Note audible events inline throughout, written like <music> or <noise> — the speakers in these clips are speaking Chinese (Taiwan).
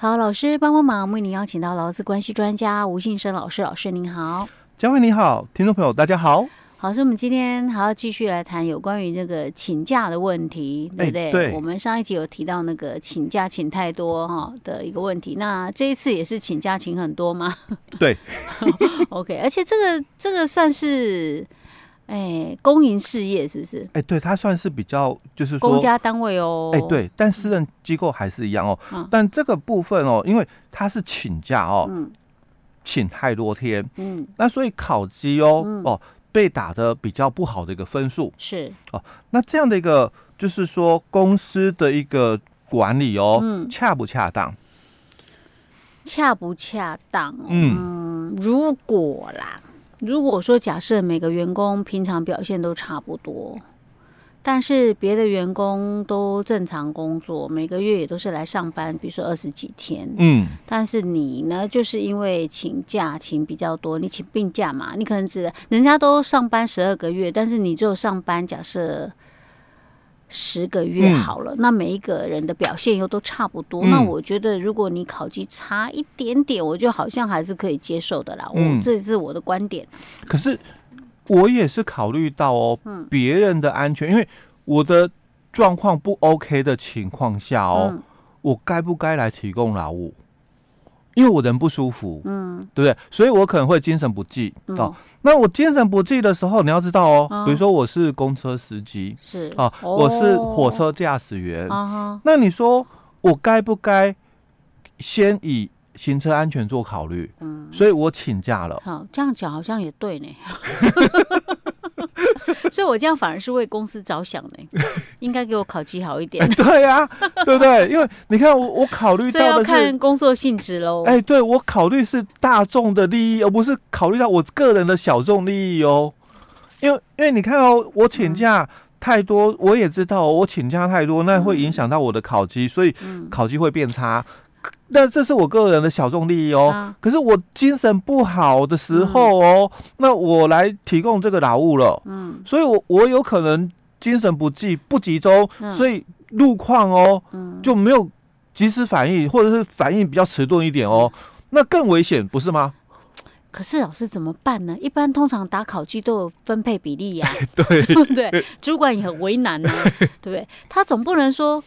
好，老師幫幫忙，為您邀請到勞資關係專家吳信生老師，老師您好，家維你好，聽眾朋友大家好，好，所以我們今天還要繼續來談有關於這個請假的問題，對不對？欸，對，我們上一集有提到那個請假請太多哈的一個問題，那這一次也是請假請很多嗎？對 <laughs> <laughs> ，OK，而且這個這個算是。哎、欸，公營事業是不是？哎、欸，對，它算是比較，就是說公家單位哦、喔。哎、欸，對，但私人機構還是一樣哦、喔嗯。但這個部分哦、喔，因為他是請假哦、喔嗯，請太多天，嗯，那所以考績哦，哦、嗯喔、被打得比較不好的一個分數是哦、喔。那這樣的一個，就是說公司的一個管理哦、喔嗯，恰不恰當？恰不恰當？嗯，嗯如果啦。如果說假設每個員工平常表現都差不多，但是別的員工都正常工作，每個月也都是來上班，比如說二十幾天，嗯，但是你呢，就是因為請假請比較多，你請病假嘛，你可能只人家都上班十二個月，但是你只有上班，假設。十個月好了，嗯，那每一個人的表現又都差不多，嗯、那我覺得如果你考績差一點點，我就好像還是可以接受的啦。我、嗯、這是我的觀點。可是我也是考慮到哦、喔，別、嗯、人的安全，因為我的狀況不 OK 的情況下哦、喔嗯，我該不該來提供勞務？因為我人不舒服，嗯，對不對？所以我可能會精神不濟哦、嗯啊。那我精神不濟的時候，你要知道哦，哦比如說我是公車司機，是啊、哦，我是火車駕駛員，哦，那你說我該不該先以行車安全做考慮？嗯，所以我請假了。好，這樣講好像也對呢。 <laughs> <laughs> <laughs> 所以，我這樣反而是為公司着想呢， <laughs> 應該給我考績好一點、哎。對呀、啊， <laughs> 對不對？因為你看我，我我考慮到的是，所以要看工作性質嘍。哎，對，我考慮是大眾的利益，而不是考慮到我個人的小眾利益哦。因為，因為你看哦，我請假太多，嗯、我也知道、哦、我請假太多，那會影響到我的考績、嗯，所以考績會變差。那這是我個人的小眾利益哦、啊。可是我精神不好的時候哦，嗯、那我來提供這個勞務了。嗯，所以我我有可能精神不濟、不集中，嗯、所以路況哦、嗯、就沒有及時反應，或者是反應比較遲鈍一點哦，嗯、那更危險，不是嗎？可是老師怎麼辦呢？一般通常打考績都有分配比例呀、啊，對不 <laughs> 對、 <laughs> 對？主管也很為難呢、啊，對 <laughs> 不對？他總不能說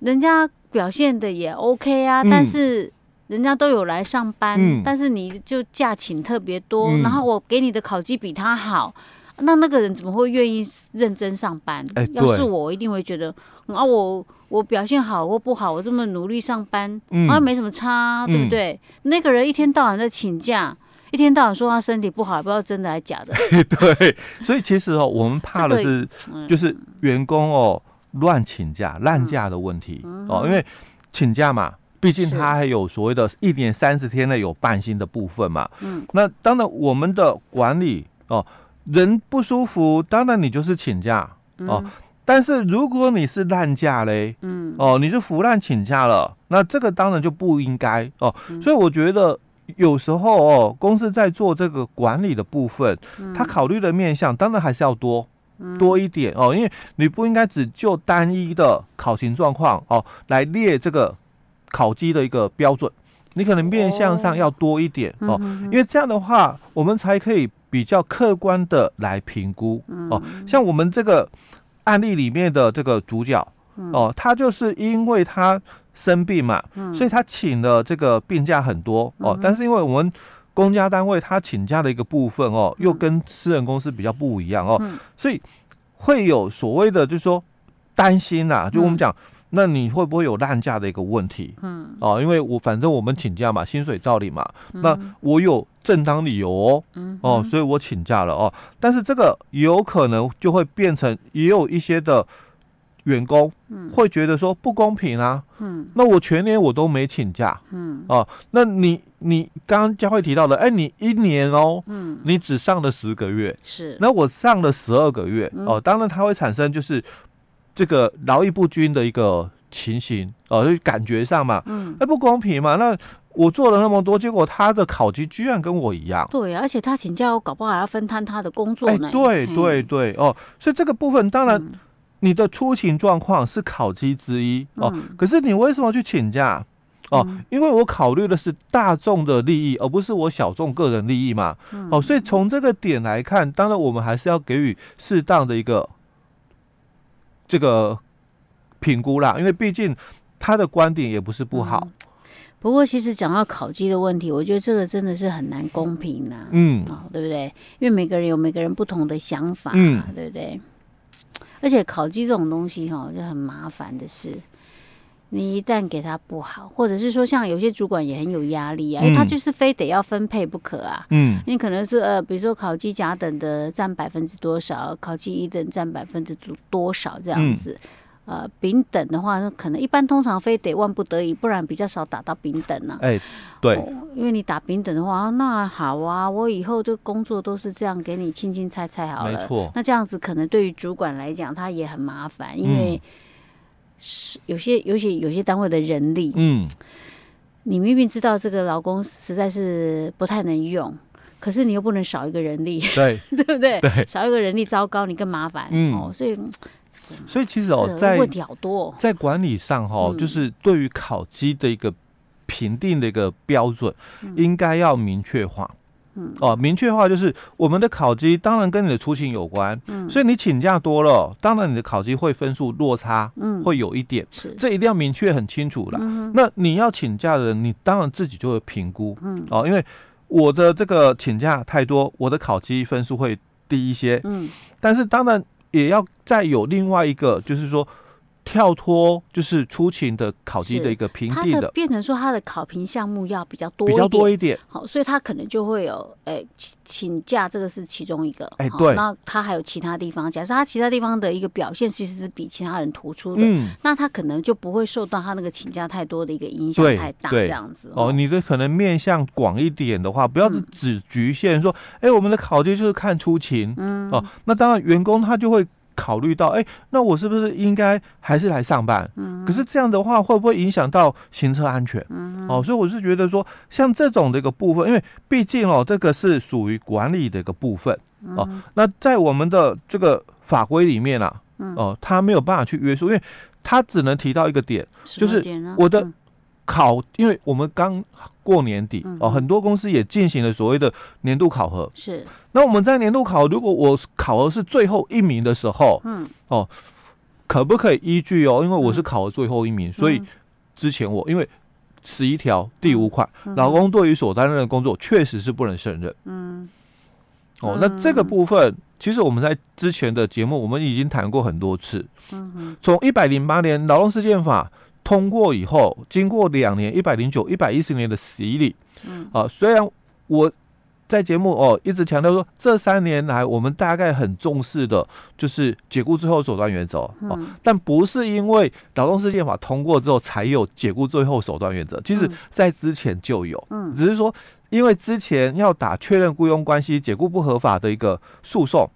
人家。表現的也 OK 啊、嗯，但是人家都有來上班，嗯、但是你就假請特別多、嗯，然後我給你的考績比他好、嗯，那那個人怎麼會願意認真上班？欸、要是我，我一定會覺得，嗯、啊，我我表現好或不好，我這麼努力上班，好、嗯、像、啊、沒什麼差、啊嗯，對不對？那個人一天到晚在請假、嗯，一天到晚說他身體不好，不知道真的還假的。 <laughs> 對，所以其實哦，我們怕的是，這個嗯、就是員工哦。亂請假、濫假的問題、嗯嗯、哦，因為請假嘛，畢竟他還有所謂的一年三十天內有半薪的部分嘛、嗯。那當然我們的管理哦，人不舒服，當然你就是請假哦、嗯。但是如果你是濫假嘞，嗯，哦，你就浮濫請假了、嗯，那這個當然就不應該哦、嗯。所以我覺得有時候哦，公司在做這個管理的部分，他、嗯、考慮的面向當然還是要多。多一點哦，因為你不應該只就單一的考勤狀況哦，來列這個考績的一個標準，你可能面向上要多一點哦、哦，因為這樣的話我們才可以比較客觀的來評估、嗯、哦。像我們這個案例裡面的這個主角、嗯、哦，他就是因為他生病嘛，嗯、所以他請了這個病假很多哦、嗯，但是因為我們。公家單位他請假的一個部分哦，又跟私人公司比較不一樣哦，嗯、所以會有所謂的，就是說擔心吶、啊嗯，就我們講，那你會不會有濫假的一個問題？嗯，哦，因為我反正我們請假嘛，薪水照例嘛、嗯，那我有正當理由哦，嗯，哦，所以我請假了哦，但是這個有可能就會變成也有一些的。員工會覺得說不公平啊，嗯，那我全年我都沒請假，嗯，哦、呃，那你你剛剛佳慧提到的，哎、欸，你一年哦、喔，嗯，你只上了十個月，是，那我上了十二個月，哦、嗯呃，當然它會產生就是這個勞逸不均的一個情形、呃，就感覺上嘛，嗯，欸、不公平嘛，那我做了那麼多，結果他的考績居然跟我一樣，對、啊，而且他請假，我搞不好還要分攤他的工作呢，欸、對，對對對，哦、嗯呃，所以這個部分當然。嗯你的出勤狀況是考績之一、嗯、哦，可是你為什麼去請假？哦，嗯、因為我考慮的是大眾的利益，而不是我小眾個人利益嘛。嗯、哦，所以從這個點來看，當然我們還是要給予適當的一個這個評估啦。因為畢竟他的觀點也不是不好。嗯、不過，其實講到考績的問題，我覺得這個真的是很難公平啦、啊、嗯、哦，對不對？因為每個人有每個人不同的想法、啊嗯，對不對？而且考績這種東西哈、哦，就很麻煩的是，你一旦給它不好，或者是說像有些主管也很有壓力啊，因為他、嗯、就是非得要分配不可啊。嗯，你可能是呃，比如說考績甲等的占百分之多少，考績乙等占百分之多少這樣子。嗯。呃，丙等的話，那可能一般通常非得萬不得已，不然比較少打到丙等吶、啊欸。對、哦，因為你打丙等的話，那好啊，我以後這工作都是這樣給你清清拆拆好了。沒錯，那這樣子可能對於主管來講，他也很麻煩，因為是有些、有、嗯、些、有些單位的人力，嗯，你明明知道這個勞工實在是不太能用，可是你又不能少一個人力，對， <laughs> 對不對，對？少一個人力糟糕，你更麻煩，嗯，哦、所以。嗯、所以其實哦，哦在在管理上哈、哦嗯，就是對於考績的一個評定的一個標準，嗯、應該要明確化。嗯哦，明確化就是我們的考績當然跟你的出勤有關。嗯，所以你請假多了、哦，當然你的考績會分數落差，嗯，會有一點、嗯。是，這一定要明確很清楚了、嗯。那你要請假的人，你當然自己就會評估。嗯哦，因為我的這個請假太多，我的考績分數會低一些。嗯，但是當然。也要再有另外一個，就是說，跳脫就是出勤的考績的一個評定的，的變成說他的考評項目要比較多比較多一點，好、哦，所以他可能就會有誒、欸、請假，這個是其中一個，哎、欸哦，對，那他還有其他地方，假設他其他地方的一個表現其實是比其他人突出的，嗯、那他可能就不會受到他那個請假太多的一個影響太大這樣子。哦，你的可能面向廣一點的話，不要只，只局限說，哎、嗯欸，我們的考績就是看出勤，嗯，哦，那當然員工他就會。考慮到哎、欸，那我是不是應該還是來上班，嗯？可是這樣的話會不會影響到行車安全？哦、嗯呃，所以我是覺得說，像這種的一個部分，因為畢竟哦，這個是屬於管理的一個部分，哦、嗯呃，那在我們的這個法規裡面啊，哦、呃，他、嗯、沒有辦法去約束，因為他只能提到一個點，就是我的、啊。嗯考，因為我們剛過年底，嗯、哦，很多公司也進行了所謂的年度考核。是，那我們在年度考，如果我考核是最後一名的時候，嗯，哦，可不可以依據哦？因為我是考核最後一名，嗯，所以之前我因為十一條第五款，勞，嗯、工對於所擔任的工作確實是不能勝任嗯。嗯，哦，那這個部分其實我們在之前的節目我們已經談過很多次。嗯，從一百零八年勞動事件法。通過以後，經過兩年一百零九、一百一十年的洗禮，嗯，啊，雖然我在節目哦一直強調說，這三年來我們大概很重視的，就是解雇最後手段原則、嗯啊、但不是因為勞動事件法通過之後才有解雇最後手段原則，其實在之前就有，嗯，只是說因為之前要打確認雇傭關係解雇不合法的一個訴訟，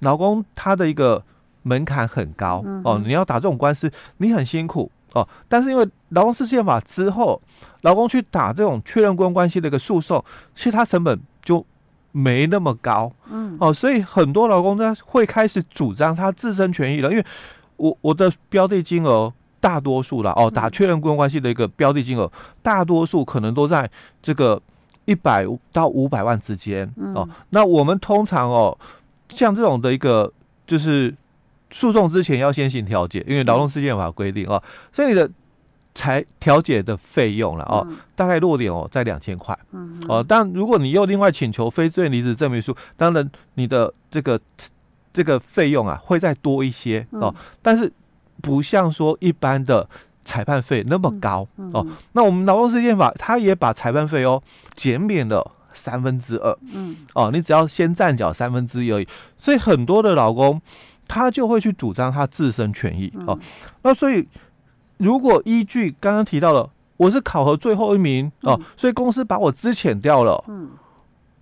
勞工他的一個門檻很高哦、嗯啊，你要打這種官司，你很辛苦。哦，但是因為勞動事件法之後，勞工去打這種確認僱傭關係的一個訴訟，其實他成本就沒那麼高，嗯，哦，所以很多勞工他會開始主張他自身權益了，因為我，我我的標的金額大多數了，哦，打確認僱傭關係的一個標的金額大多數可能都在這個一百到五百萬之間，嗯，哦，那我們通常哦，像這種的一個就是。訴訟之前要先行調解，因為勞動事件法規定哦、嗯，所以你的裁調解的費用了、嗯、哦，大概落點哦在兩千塊哦。但如果你又另外請求非罪離職證明書，當然你的這個這個費用啊會再多一些、嗯、哦。但是不像說一般的裁判費那麼高、嗯嗯、哦。那我們勞動事件法他也把裁判費哦減免了三分之二，嗯哦，你只要先暫繳三分之一而已。所以很多的勞工。他就會去主張他自身權益哦、嗯啊，那所以如果依據剛剛提到了，我是考核最後一名哦、啊嗯，所以公司把我資遣掉了，嗯，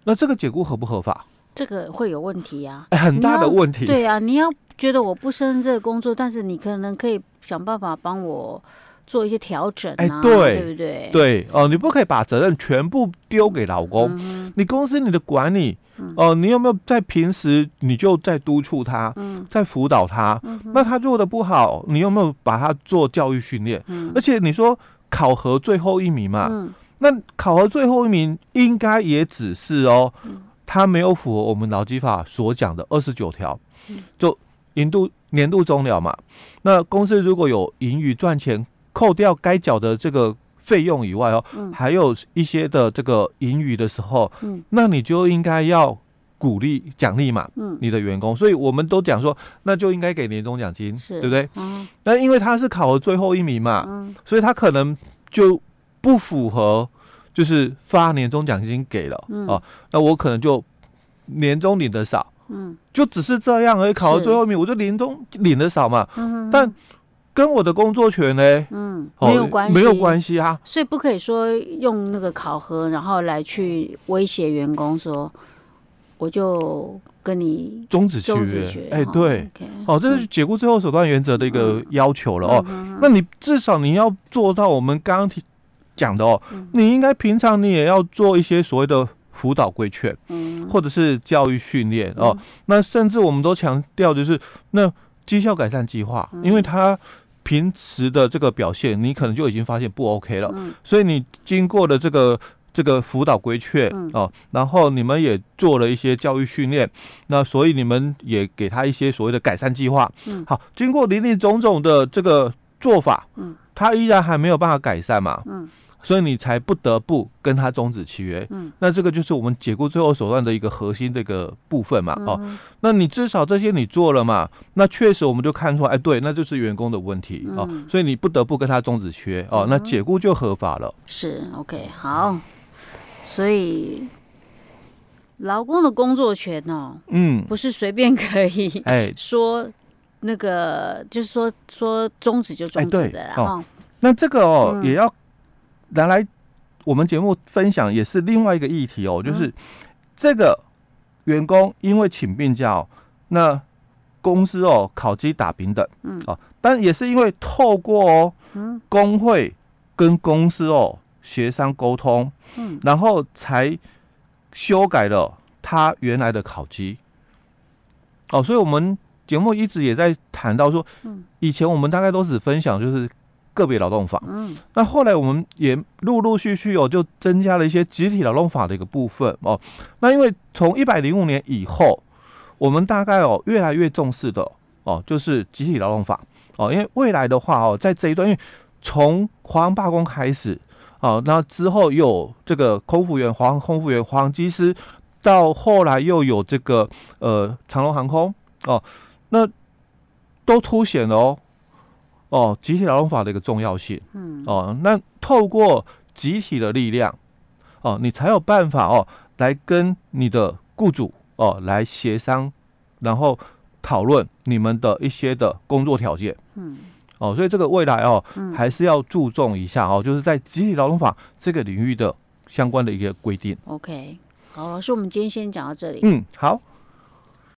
那這個解雇合不合法？這個會有問題呀、啊哎，很大的問題。對呀、啊，你要覺得我不勝任這個工作，但是你可能可以想辦法幫我。做一些調整、啊，哎，對，對不對？對哦、呃，你不可以把責任全部丟給老公、嗯。你公司你的管理，哦、嗯呃，你有沒有在平時你就在督促他？嗯，在輔導他、嗯？那他做的不好，你有沒有把他做教育訓練、嗯？而且你說考核最後一名嘛，嗯、那考核最後一名應該也只是哦、嗯，他沒有符合我們勞基法所講的二十九條，就度年度年度終了嘛。那公司如果有盈餘賺錢。扣掉該繳的這個費用以外哦、嗯，還有一些的這個盈餘的時候、嗯，那你就應該要鼓勵獎勵嘛，嗯，你的員工，所以我們都講說，那就應該給年終獎金，是對不對？但、嗯、因為他是考了最後一名嘛，嗯、所以他可能就不符合，就是發年終獎金給了、嗯啊，那我可能就年終領得少，嗯，就只是這樣而已，考了最後一名，我就年終領得少嘛，嗯、哼哼但。跟我的工作權呢？嗯，沒有關、哦，沒有關係啊。所以不可以說用那個考核，然後來去威脅員工說，我就跟你終止契約。哎、欸，對，哦，OK，哦對，這是解僱最後手段原則的一個要求了哦、嗯。那你至少你要做到我們剛剛講的哦，嗯、你應該平常你也要做一些所謂的輔導規勸，嗯，或者是教育訓練、嗯、哦。那甚至我們都強調的是，那績效改善計劃、嗯，因為它。平時的這個表現，你可能就已經發現不 OK 了，嗯、所以你經過的這個這個輔導規勸啊、嗯哦，然後你們也做了一些教育訓練，那所以你們也給他一些所謂的改善計劃。嗯、好，經過林林總總的這個做法，嗯、他依然還沒有辦法改善嘛？嗯所以你才不得不跟他終止契約，嗯，那這個就是我們解雇最後手段的一個核心這個部分嘛，嗯、哦，那你至少這些你做了嘛，那確實我們就看出來，哎，對，那就是員工的問題、嗯、哦，所以你不得不跟他終止契約哦、嗯，那解雇就合法了，是 OK 好，所以勞工的工作權哦，嗯，不是隨便可以哎說那個就是說說終止就終止的啊、哎嗯哦，那這個哦、嗯、也要。原來，來我們節目分享也是另外一個議題哦，就是這個員工因為請病假、哦，那公司哦考績打丙等，嗯、哦、啊，但也是因為透過哦工會跟公司哦協商溝通，嗯，然後才修改了他原來的考績，哦，所以我們節目一直也在談到說，嗯，以前我們大概都是分享就是，個別勞動法，嗯，那後來我們也陸陸續續哦，就增加了一些集體勞動法的一個部分哦。那因為從一百零五年以後，我們大概哦越來越重視的哦，就是集體勞動法哦。因為未來的話哦，在這一段，因為從華航罷工開始啊、哦，那之後有這個空服員黃，華航空服員，華航機師，到後來又有這個呃長榮航空哦，那都凸顯了哦。哦，集體勞動法的一個重要性，嗯，哦，那透過集體的力量，哦，你才有辦法哦，來跟你的雇主哦來協商，然後討論你們的一些的工作條件，嗯，哦，所以這個未來哦、嗯，還是要注重一下哦，就是在集體勞動法這個領域的相關的一個規定。OK，嗯、好，所以，我們今天先講到這裡。嗯，好。